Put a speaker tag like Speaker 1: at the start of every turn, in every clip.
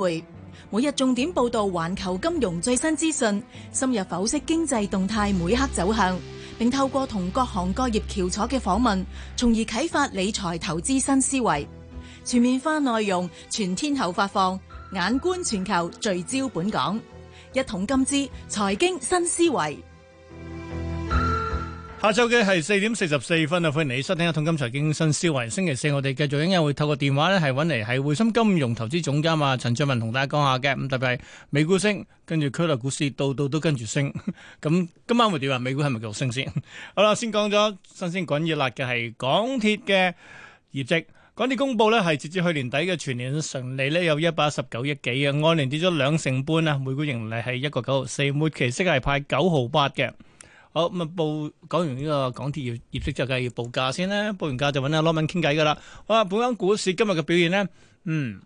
Speaker 1: 會每日重點報道環球金融最新資訊，深入剖析經濟動態每刻走向，並透過同各行各業翹楚嘅訪問，從而啟發理財投資新思維。全面化內容，全天候發放，眼觀全球，聚焦本港，一統金資財經新思維。
Speaker 2: 下晝嘅係四點四十四分啊！歡迎你收聽《一桶金財經新思維》星期四，我哋繼續今日會透過電話咧，係揾嚟係匯豐金融投資總監啊陳俊文同大家講下嘅。咁特別係美股升，跟住區內股市到到都跟住升。咁今晚會點啊？美股係咪繼續升先？好啦，先講咗新鮮滾熱辣嘅係港鐵嘅業績。港鐵公布咧係截至去年底嘅全年純利咧有一百一十九億幾啊，按年跌咗兩成半啊，每股盈利係一個九毫四，末期息係派九毫八嘅。好咁啊，報講完呢個港鐵業業績，就梗係要報價先啦，報完價就揾阿羅文傾偈噶啦好啊，本港股市今日嘅表現咧，嗯，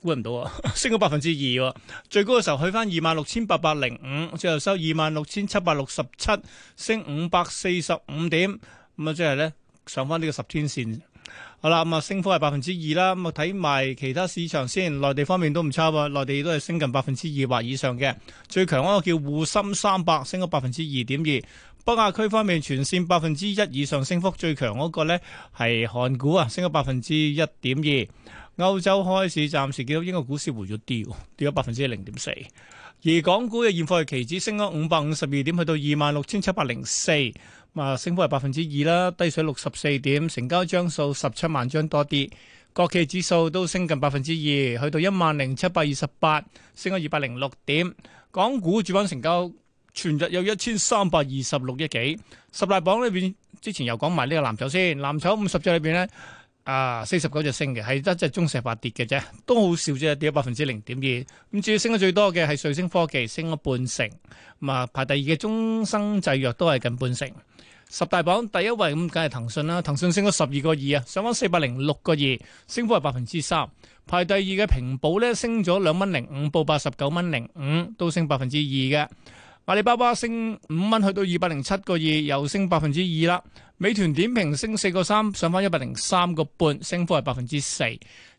Speaker 2: 估唔到啊， 升咗百分之二喎，最高嘅時候去翻二萬六千八百零五，最後收二萬六千七百六十七，升五百四十五點，咁啊即係咧上翻呢個十天線。好啦，咁啊，升幅係百分之二啦。咁啊，睇埋其他市場先，內地方面都唔差喎，內地都係升近百分之二或以上嘅。最強嗰個叫滬深三百，升咗百分之二點二。北亞區方面，全線百分之一以上升幅，最強嗰個呢係韓股啊，升咗百分之一點二。歐洲開市，暫時見到英國股市回咗調，跌咗百分之零點四。而港股嘅現貨期指升咗五百五十二點，去到二萬六千七百零四。啊，升幅係百分之二啦，低水六十四點，成交張數十七萬張多啲。國企指數都升近百分之二，去到一萬零七百二十八，升咗二百零六點。港股主板成交全日有一千三百二十六億幾。十大榜裏邊之前又講埋呢個藍籌先，藍籌五十隻裏邊呢。啊，四十九隻升嘅，係一隻中石化跌嘅啫，都好少啫，跌咗百分之零點二。咁至於升得最多嘅係瑞星科技，升咗半成。啊，排第二嘅中生製藥都係近半成。十大榜第一位咁梗係騰訊啦，騰訊升咗十二個二啊，上翻四百零六個二，升幅係百分之三。排第二嘅平保咧升咗兩蚊零五，報八十九蚊零五，都升百分之二嘅。阿里巴巴升五蚊，去到二百零七個二，又升百分之二啦。美團點評升四個三，上翻一百零三個半，升幅係百分之四。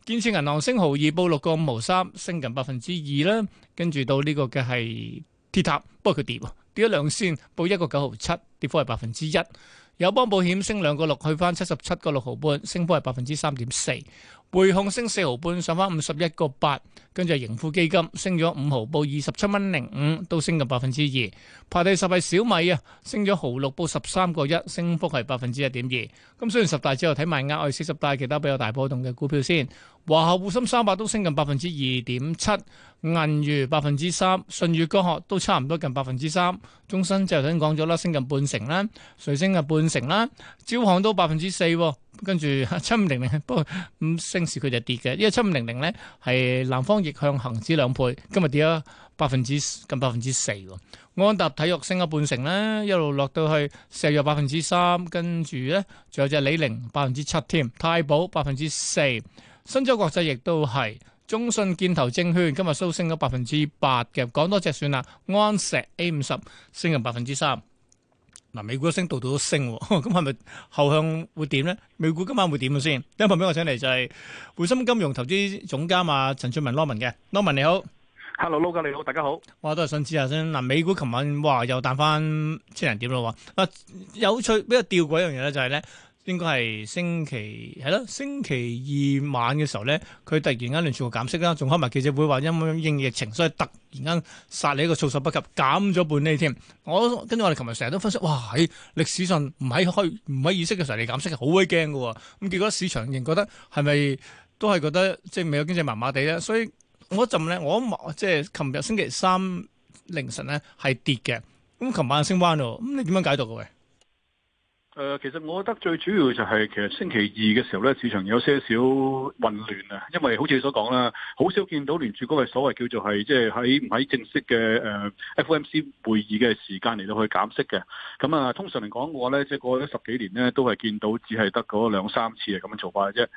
Speaker 2: 建設銀行升毫二，報六個五毫三，升近百分之二啦。跟住到呢個嘅係鐵塔，不過佢跌，跌咗兩仙，報一個九毫七，跌幅係百分之一。友邦保險升兩個六，去翻七十七個六毫半，升幅係百分之三點四。匯控升四毫半，上返五十一個八，跟住盈富基金升咗五毫，報二十七蚊零五，都升近百分之二。排第十係小米啊，升咗毫六，報十三個一，升幅係百分之一點二。咁雖然十大之後睇埋額外四十大其他比較大波動嘅股票先。華夏滬深三百都升近百分之二點七，銀娛百分之三，舜宇光學都差唔多近百分之三，中生就頭先講咗啦，升近半成啦，瑞星啊半成啦，招行都百分之四，跟住七五零零，不過咁升市佢就跌嘅，因為七五零零咧係南方逆向恆指兩倍，今日跌咗百分之近百分之四。安踏體育升咗半成啦，一路落到去石藥百分之三，跟住咧仲有隻李寧百分之七添，太保百分之四。新洲國際亦都係，中信建投證券今日收升咗百分之八嘅，講多隻算啦。安石 A 五十升咗百分之三。嗱，美股一升，度度都升，咁係咪後向會點咧？美股今晚會點先？第一份俾我請嚟就係匯深金融投資總監阿陳俊文 Lowen 嘅，Lowen 你好，Hello Low 嘅，你好，大家好。我都係想知下先。嗱，美股琴晚話又彈翻千零點咯。啊，有趣比較吊詭一樣嘢咧，就係咧。應該係星期係咯，星期二晚嘅時候咧，佢突然間連全部減息啦，仲開埋記者會話因應疫情，所以突然間殺你一個措手不及，減咗半厘添。我跟住我哋琴日成日都分析，哇喺歷、哎、史上唔喺開唔喺意識嘅時候你減息，好鬼驚嘅。咁結果市場仍覺得係咪都係覺得即係美國經濟麻麻地咧，所以我一陣咧，我即係琴日星期三凌晨咧係跌嘅，咁琴晚升翻咯，咁你點樣解讀嘅？
Speaker 1: 誒、呃，其實我覺得最主要就係其實星期二嘅時候咧，市場有些少混亂啊，因為好似你所講啦，好少見到聯儲局嘅所謂叫做係即係喺唔喺正式嘅誒、呃、FOMC 會議嘅時間嚟到去減息嘅。咁啊，通常嚟講嘅話咧，即係過咗十幾年咧，都係見到只係得嗰兩三次係咁樣做法嘅啫。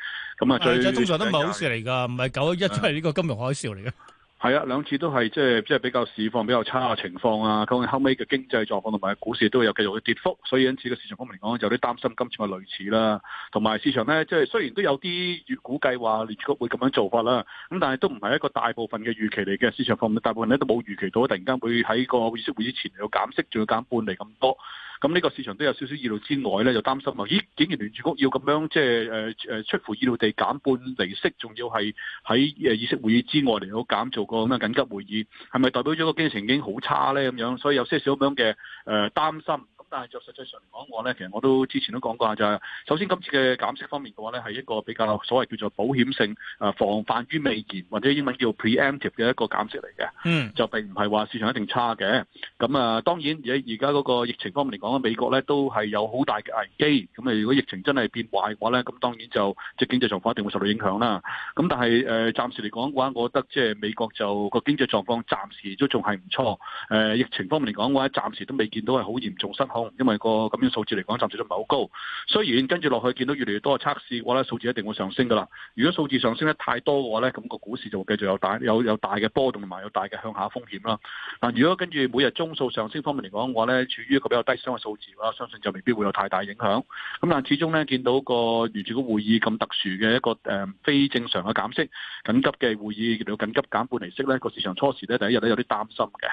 Speaker 1: 咁啊，的最通常都唔係好
Speaker 2: 事嚟㗎，唔係九一出嚟呢個金融海嘯嚟嘅。
Speaker 1: 係啊，兩次都係即係即係比較市況比較差嘅情況啊，咁後尾嘅經濟狀況同埋股市都有繼續嘅跌幅，所以因此個市場方面嚟講，就有啲擔心今次係類似啦。同埋市場咧，即係雖然都有啲預估計話聯儲局會咁樣做法啦，咁但係都唔係一個大部分嘅預期嚟嘅。市場方面大部分咧都冇預期到，突然間會喺個會議會之前要減息，仲要減半釐咁多。咁呢個市場都有少少意料之外咧，就擔心啊！咦，竟然聯儲局要咁樣即係誒誒出乎意料地減半厘息，仲要係喺誒議息會議之外嚟到減，做個咁嘅緊急會議，係咪代表咗個經濟情景好差咧？咁樣，所以有些少咁樣嘅誒、呃、擔心。但係就實際上嚟講，我咧其實我都之前都講過就係、是，首先今次嘅減息方面嘅話咧，係一個比較所謂叫做保險性，誒防範於未然，或者英文叫 preemptive 嘅一個減息嚟嘅。嗯，就並唔係話市場一定差嘅。咁啊，當然而而家嗰個疫情方面嚟講，美國咧都係有好大嘅危機。咁啊，如果疫情真係變壞嘅話咧，咁當然就即係、就是、經濟狀況一定會受到影響啦。咁但係誒暫時嚟講嘅話，我覺得即係美國就個經濟狀況暫時都仲係唔錯。誒疫情方面嚟講嘅話，暫時都未見到係好嚴重失控因為個咁樣數字嚟講，暫時都唔係好高。雖然跟住落去見到越嚟越多嘅測試嘅話咧，數字一定會上升噶啦。如果數字上升得太多嘅話咧，咁個股市就會繼續有大有有大嘅波動同埋有大嘅向下風險啦。但如果跟住每日中數上升方面嚟講嘅話咧，處於一個比較低箱嘅數字啦，相信就未必會有太大影響。咁但係始終咧，見到個如住個會議咁特殊嘅一個誒、呃、非正常嘅減息、緊急嘅會議叫緊急減半厘息咧，個市場初時咧第一日都有啲擔心嘅。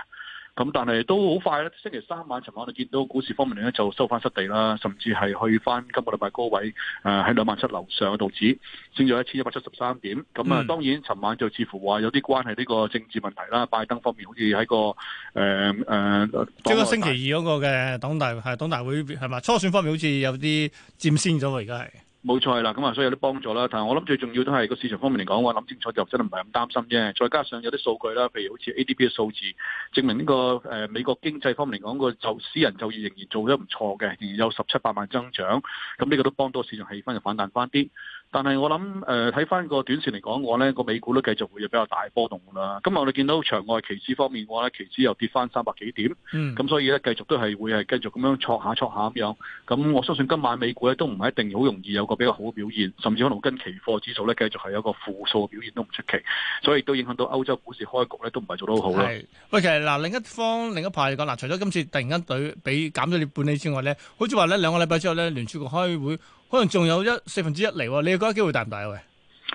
Speaker 1: 咁但係都好快咧，星期三晚尋晚我哋見到股市方面咧就收翻失地啦，甚至係去翻今個禮拜高位，誒喺兩萬七樓上嘅道指升咗一千一百七十三點。咁、嗯、啊，嗯、當然尋晚就似乎話有啲關係呢個政治問題啦，拜登方面好似喺個誒誒，即、呃、係、呃、
Speaker 2: 星期二嗰個嘅黨大係黨大會，係咪初選方面好似有啲佔先咗喎，而家係？冇錯啦，
Speaker 1: 咁啊，所以有啲幫助啦。但係我諗最重要都係個市場方面嚟講，我諗清楚就真係唔係咁擔心啫。再加上有啲數據啦，譬如好似 ADP 嘅數字，證明呢個誒美國經濟方面嚟講，個就私人就業仍然做得唔錯嘅，仍然有十七八萬增長。咁呢個都幫到市場氣氛就反彈翻啲。但係我諗，誒、呃，睇翻個短線嚟講，我咧個美股都繼續會有比較大波動噶啦。今日我哋見到場外期指方面嘅話咧，期指又跌翻三百幾點，咁、嗯、所以咧繼續都係會係繼續咁樣挫下挫下咁樣。咁我相信今晚美股咧都唔係一定好容易有個比較好嘅表現，甚至可能跟期貨指數咧繼續係有一個負數嘅表現都唔出奇。所以都影響到歐洲股市開局咧都唔係做得好好啦。
Speaker 2: 喂，其實嗱，另一方另一派嚟講，嗱，除咗今次突然間對俾減咗啲半厘之外咧，好似話咧兩個禮拜之後咧，聯儲局開會。可能仲有一四分之一嚟，你哋覺得機會大唔大？喂，
Speaker 1: 誒、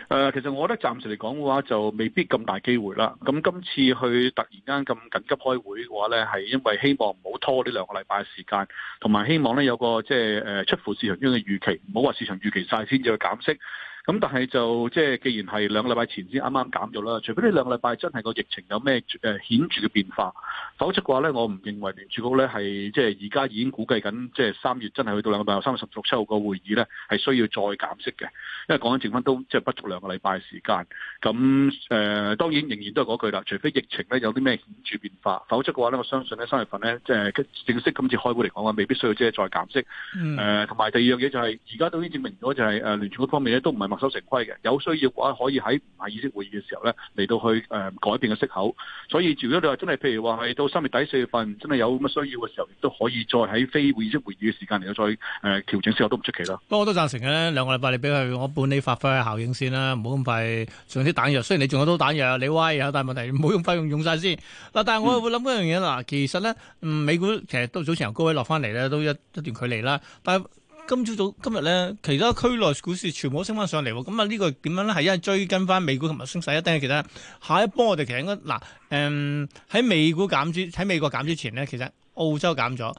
Speaker 1: 呃，其實我覺得暫時嚟講嘅話，就未必咁大機會啦。咁今次去突然間咁緊急開會嘅話呢，係因為希望唔好拖呢兩個禮拜時間，同埋希望呢有個即係誒出乎市場中嘅預期，唔好話市場預期晒先至去減息。咁但係就即係，既然係兩個禮拜前先啱啱減咗啦，除非呢兩個禮拜真係個疫情有咩誒顯著嘅變化，否則嘅話咧，我唔認為聯儲局咧係即係而家已經估計緊，即係三月真係去到兩個禮拜後，三月十六、七號個會議咧，係需要再減息嘅。因為講緊剩翻都即係不足兩個禮拜時間。咁、呃、誒當然仍然都係嗰句啦，除非疫情咧有啲咩顯著變化，否則嘅話咧，我相信咧三月份咧即係正式今次開會嚟講啊，未必需要即係再減息。誒同埋第二樣嘢就係而家都已經證明咗，就係誒聯儲局方面咧都唔係。守成規嘅，有需要嘅話可以喺唔係議息會議嘅時候咧嚟到去誒改變嘅息口，所以如果你話真係譬如話係到三月底四月份真係有咁嘅需要嘅時候，亦都可以再喺非會議息會議嘅時間嚟到再誒調整之後都唔出奇咯。
Speaker 2: 不過我都贊成嘅，兩個禮拜你俾佢我半呢發揮嘅效應先啦，唔好咁快上啲彈藥。雖然你仲有多彈藥，你威啊，但係問題唔好用費用用晒先嗱。但係我又會諗一樣嘢嗱，其實咧，嗯，美股其實都早前由高位落翻嚟咧，都一一段距離啦，但係。今朝早，早今日咧，其他區內股市全部都升翻上嚟。咁、嗯、啊，這個、呢個點樣咧？係因為追跟翻美股同埋升勢一定。其他下一波我哋其實應該嗱，誒喺、嗯、美股減之喺美國減之前咧，其實澳洲減咗，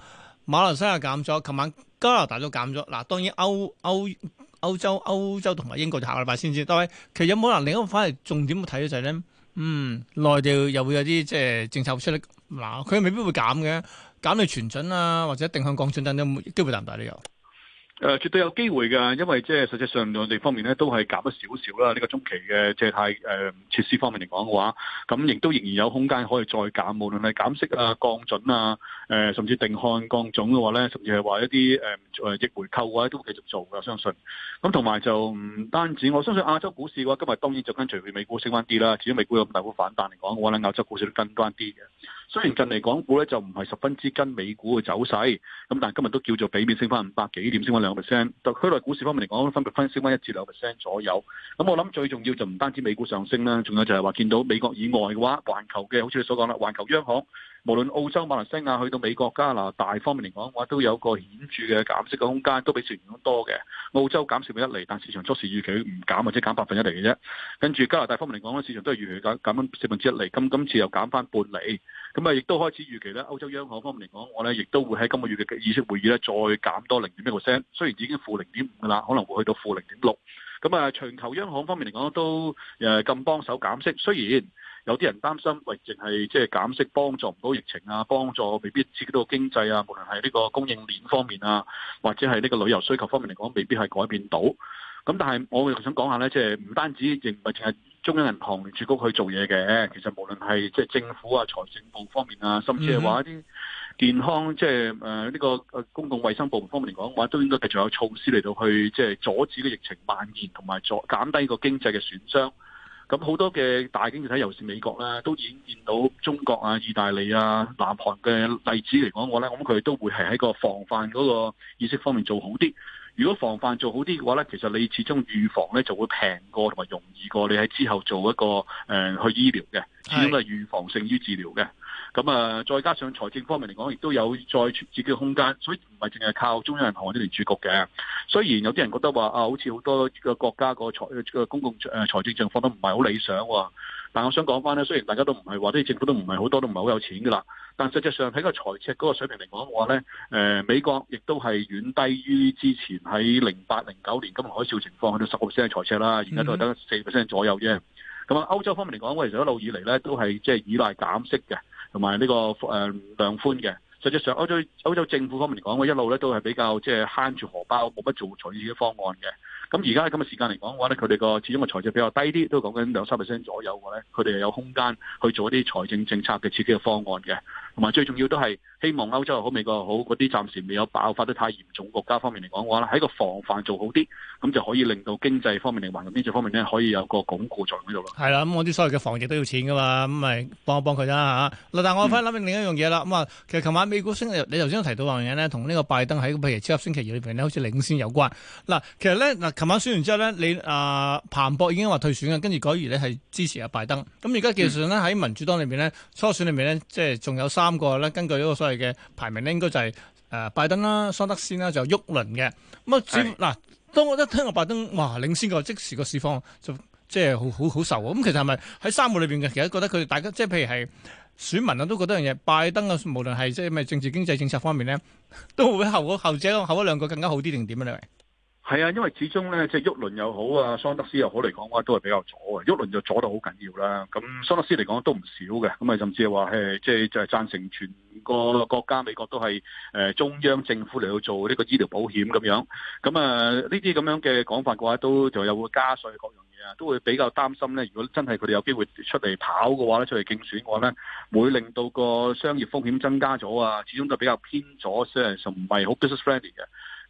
Speaker 2: 馬來西亞減咗，琴晚加拿大都減咗。嗱，當然歐歐歐、歐洲、歐洲同埋英國就下禮拜先知。但係其實有冇能另一個反而重點睇嘅就係、是、咧，嗯，內地又會有啲即係政策出嚟嗱，佢未必會減嘅減到全準啊，或者定向降準等、啊、等機會大唔大都有。
Speaker 1: 誒、呃，絕對有機會㗎，因為即係實際上兩地方面咧都係減咗少少啦。呢、這個中期嘅借貸誒、呃、設施方面嚟講嘅話，咁亦都仍然有空間可以再減。無論係減息啊、降準啊、誒、呃、甚至定向降準嘅話咧，甚至係、呃、話一啲誒誒逆回購嘅話都會繼續做嘅，我相信咁同埋就唔單止，我相信亞洲股市嘅話，今日當然就跟隨美股升翻啲啦。至於美股有咁大股反彈嚟講，我諗亞洲股市都跟翻啲嘅。雖然近嚟港股咧就唔係十分之跟美股嘅走勢，咁但係今日都叫做畀面升翻五百幾點，升翻兩個 percent。就區內股市方面嚟講，分別分升翻一至兩個 percent 左右。咁我諗最重要就唔單止美股上升啦，仲有就係話見到美國以外嘅話，環球嘅，好似你所講啦，環球央行。無論澳洲、馬來西亞去到美國、加拿大方面嚟講，我都有個顯著嘅減息嘅空間，都比傳統多嘅。澳洲減少咗一厘，但市場初時預期唔減或者、就是、減百分之一厘嘅啫。跟住加拿大方面嚟講咧，市場都係預期減減四分之一厘，咁今次又減翻半厘。咁啊，亦都開始預期呢，歐洲央行方面嚟講，我呢亦都會喺今個月嘅議息會議呢，再減多零點一個 percent。雖然已經負零點五㗎啦，5, 可能會去到負零點六。咁啊，全球央行方面嚟講都誒咁幫手減息，雖然。有啲人擔心，喂，淨係即係減息幫助唔到疫情啊，幫助未必刺激到經濟啊。無論係呢個供應鏈方面啊，或者係呢個旅遊需求方面嚟講，未必係改變到。咁但係我亦想講下呢，即係唔單止亦唔係淨係中央銀行、聯儲局去做嘢嘅，其實無論係即係政府啊、財政部方面啊，甚至係話一啲健康，即係誒呢個公共衞生部門方面嚟講，話都應該繼續有措施嚟到去即係阻止個疫情蔓延，同埋阻減低個經濟嘅損傷。咁好多嘅大經濟體，尤其是美國咧，都已經見到中國啊、意大利啊、南韓嘅例子嚟講，我咧，咁佢都會係喺個防範嗰個意識方面做好啲。如果防範做好啲嘅話咧，其實你始終預防咧就會平過同埋容易過，你喺之後做一個誒去醫療嘅，是始終係預防勝於治療嘅。咁啊，再加上財政方面嚟講，亦都有再出自己嘅空間，所以唔係淨係靠中央銀行呢啲主局嘅。雖然有啲人覺得話啊，好似好多個國家個財個公共財政情況都唔係好理想喎。但我想講翻咧，雖然大家都唔係話啲政府都唔係好多，都唔係好有錢㗎啦。但實際上喺個財赤嗰個水平嚟講嘅話，我咧誒美國亦都係遠低於之前喺零八零九年金融海嘯情況，去到十個 percent 嘅財赤啦，而家都係得四 percent 左右啫。咁啊，歐洲方面嚟講，我其實一路以嚟咧都係即係依賴減息嘅。同埋呢個誒、呃、量寬嘅，實際上歐洲歐洲政府方面嚟講，我一路咧都係比較即係慳住荷包，冇乜做財政嘅方案嘅。咁而家喺咁嘅時間嚟講嘅話咧，佢哋個始終嘅財政比較低啲，都講緊兩三 percent 左右嘅咧，佢哋又有空間去做一啲財政政策嘅刺激嘅方案嘅。同埋最重要都係希望歐洲又好、美國又好，嗰啲暫時未有爆發得太嚴重國家方面嚟講嘅話咧，喺個防範做好啲，咁就可以令到經濟方面嚟話，民主方面咧可以有個鞏固作用喺度咯。
Speaker 2: 係啦，咁、嗯、我啲所謂嘅防疫都要錢噶嘛，咁咪幫一幫佢啦嚇。嗱、嗯，但我返諗另一樣嘢啦。咁啊，其實琴晚美股升，你頭先都提到話嘢咧，同呢個拜登喺譬如超級星期二裏邊好似領先有關。嗱，其實咧，嗱，琴晚選完之後咧，你啊、呃、彭博已經話退選嘅，跟住改而咧係支持阿拜登。咁而家計算咧喺民主黨裏邊咧，初選裏面咧，即係仲有三。三個咧，根據嗰個所謂嘅排名，應該就係、是、誒、呃、拜登啦、桑德斯啦，就沃倫嘅。咁的啊，主嗱，當我一聽個拜登，哇，領先個即時個市況，就即係好好好受喎、啊。咁其實係咪喺三個裏邊嘅？其實覺得佢哋大家即係譬如係選民啊，都覺得樣嘢，拜登啊，無論係即係咩政治經濟政策方面咧，都會後後者後一兩個更加好啲定點啊兩位？
Speaker 1: 係啊，因為始終咧，即係沃倫又好啊，桑德斯又好嚟講嘅話，都係比較左嘅。沃倫就左到好緊要啦。咁桑德斯嚟講都唔少嘅。咁啊，甚至係話係即係就係、是、贊成全個國家美國都係誒、呃、中央政府嚟去做呢個醫療保險咁樣。咁啊，呢啲咁樣嘅講法嘅話，都就有會加稅各樣嘢啊，都會比較擔心咧。如果真係佢哋有機會出嚟跑嘅話咧，出嚟競選嘅話咧，會令到個商業風險增加咗啊。始終都比較偏左，即係唔係好 business friendly 嘅。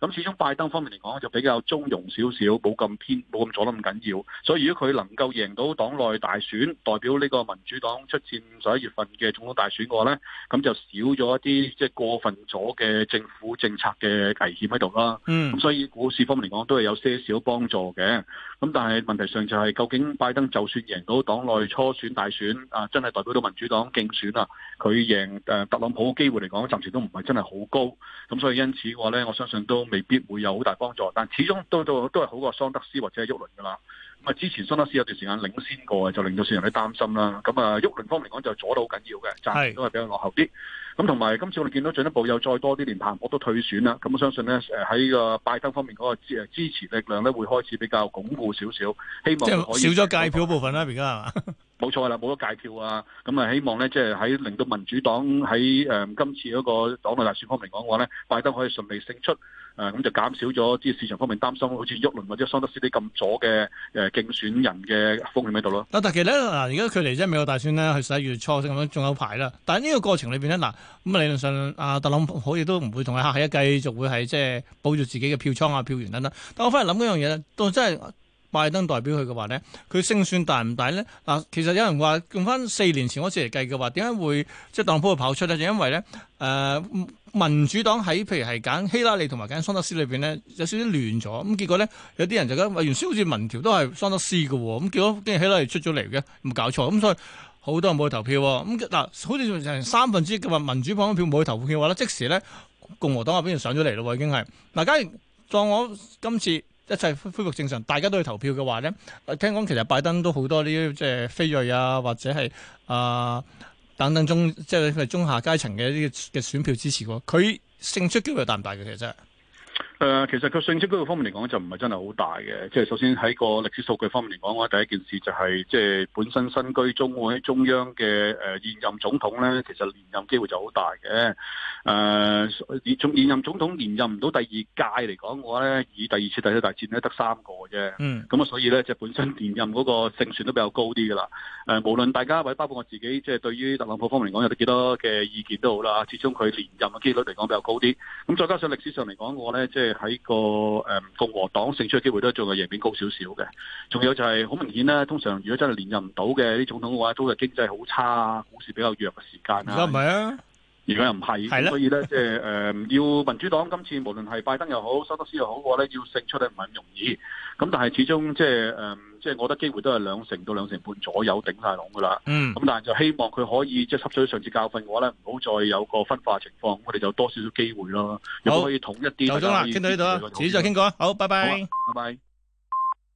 Speaker 1: 咁始終拜登方面嚟講就比較中庸少少，冇咁偏，冇咁左得咁緊要。所以如果佢能夠贏到黨內大選，代表呢個民主黨出戰十一月份嘅總統大選嘅話咧，咁就少咗一啲即係過分咗嘅政府政策嘅危險喺度啦。咁、嗯、所以股市方面嚟講都係有些少幫助嘅。咁但係問題上就係、是、究竟拜登就算贏到黨內初選大選，啊真係代表到民主黨競選啊，佢贏誒特朗普嘅機會嚟講，暫時都唔係真係好高。咁所以因此嘅話呢，我相信都未必會有好大幫助，但始終都都都係好過桑德斯或者係沃倫噶啦。咁啊，之前桑德斯有段時間領先過嘅，就令到市場都擔心啦。咁、嗯、啊，沃倫方面嚟講就阻到好緊要嘅，就係都係比較落後啲。咁同埋今次我哋見到進一步又再多啲連彭博，我都退選啦。咁、嗯、我相信咧，誒喺個拜登方面嗰個支持力量咧，會開始比較鞏固少少。希望少咗界票部分啦，而家冇錯啦，冇咗界票啊。咁、嗯、啊，希望咧，即係喺令到民主黨喺誒今次嗰個黨內大選方面講話咧，拜登可以順利勝出。誒、呃、咁就減少咗啲市場方面擔心，好似沃倫或者桑德斯啲咁阻嘅誒。競
Speaker 2: 選人嘅風險喺度咯。但係其實咧，嗱，而家佢離真係美國大選咧，係十一月初咁樣，仲有排啦。但係呢個過程裏邊咧，嗱，咁理論上，阿、啊、特朗普亦都唔會同佢客氣，繼續會係即係保住自己嘅票倉啊、票源等等。但我反嚟諗嗰樣嘢咧，都真係。拜登代表佢嘅話咧，佢勝算大唔大咧？嗱，其實有人話用翻四年前嗰次嚟計嘅話，點解會即係特朗普跑出咧？就因為咧，誒、呃，民主黨喺譬如係揀希拉里同埋揀桑德斯裏邊咧，有少少亂咗，咁結果咧，有啲人就覺得，原先好似民調都係桑德斯嘅，咁結果竟然希拉里出咗嚟嘅，唔搞錯，咁所以好多人冇去投票，咁、嗯、嗱，好似三分之一嘅話，民主黨票冇去投票嘅話啦，即時咧，共和黨啊邊就上咗嚟咯，已經係嗱，假如當我今次。一切恢復正常，大家都去投票嘅話，咧，聽講其實拜登都好多呢啲即係非裔啊，或者係啊、呃、等等中即係、就是、中下階層嘅一啲嘅選票支持，佢勝出機會大唔大嘅，其實真係。
Speaker 1: 誒、呃，其實佢信息嗰個方面嚟講就唔係真係好大嘅。即係首先喺個歷史數據方面嚟講，我第一件事就係、是，即係本身新居中會喺中央嘅誒、呃、現任總統咧，其實連任機會就好大嘅。誒、呃，現任現任總統連任唔到第二屆嚟講，我咧以第二次第大戰大戰，咧得三個啫。咁啊、嗯，所以咧即係本身連任嗰個勝算都比較高啲噶啦。誒、呃，無論大家或者包括我自己，即係對於特朗普方面嚟講有幾多嘅意見都好啦，始終佢連任嘅機率嚟講比較高啲。咁再加上歷史上嚟講，我咧即係。喺個誒、嗯、共和黨勝出嘅機會都仲係贏面高少少嘅，仲有就係好明顯咧。通常如果真係連任唔到嘅啲總統嘅話，都係經濟好差啊，股市比較弱嘅時間啊。而家唔
Speaker 2: 係啊，而家又唔係，是的 所
Speaker 1: 以咧即係誒，要民主黨今次無論係拜登又好，桑德斯又好嘅話咧，要勝出咧唔係咁容易。咁但係始終即係誒。呃即係我覺得機會都係兩成到兩成半左右頂晒籠噶啦，咁但係就希望佢可以即係吸取上次教訓嘅話咧，唔好再有個分化情況，我哋就多少少機會咯，又可以統一啲，就可以。好，啦，傾到呢度，自己再傾過，好，拜拜，
Speaker 2: 拜拜。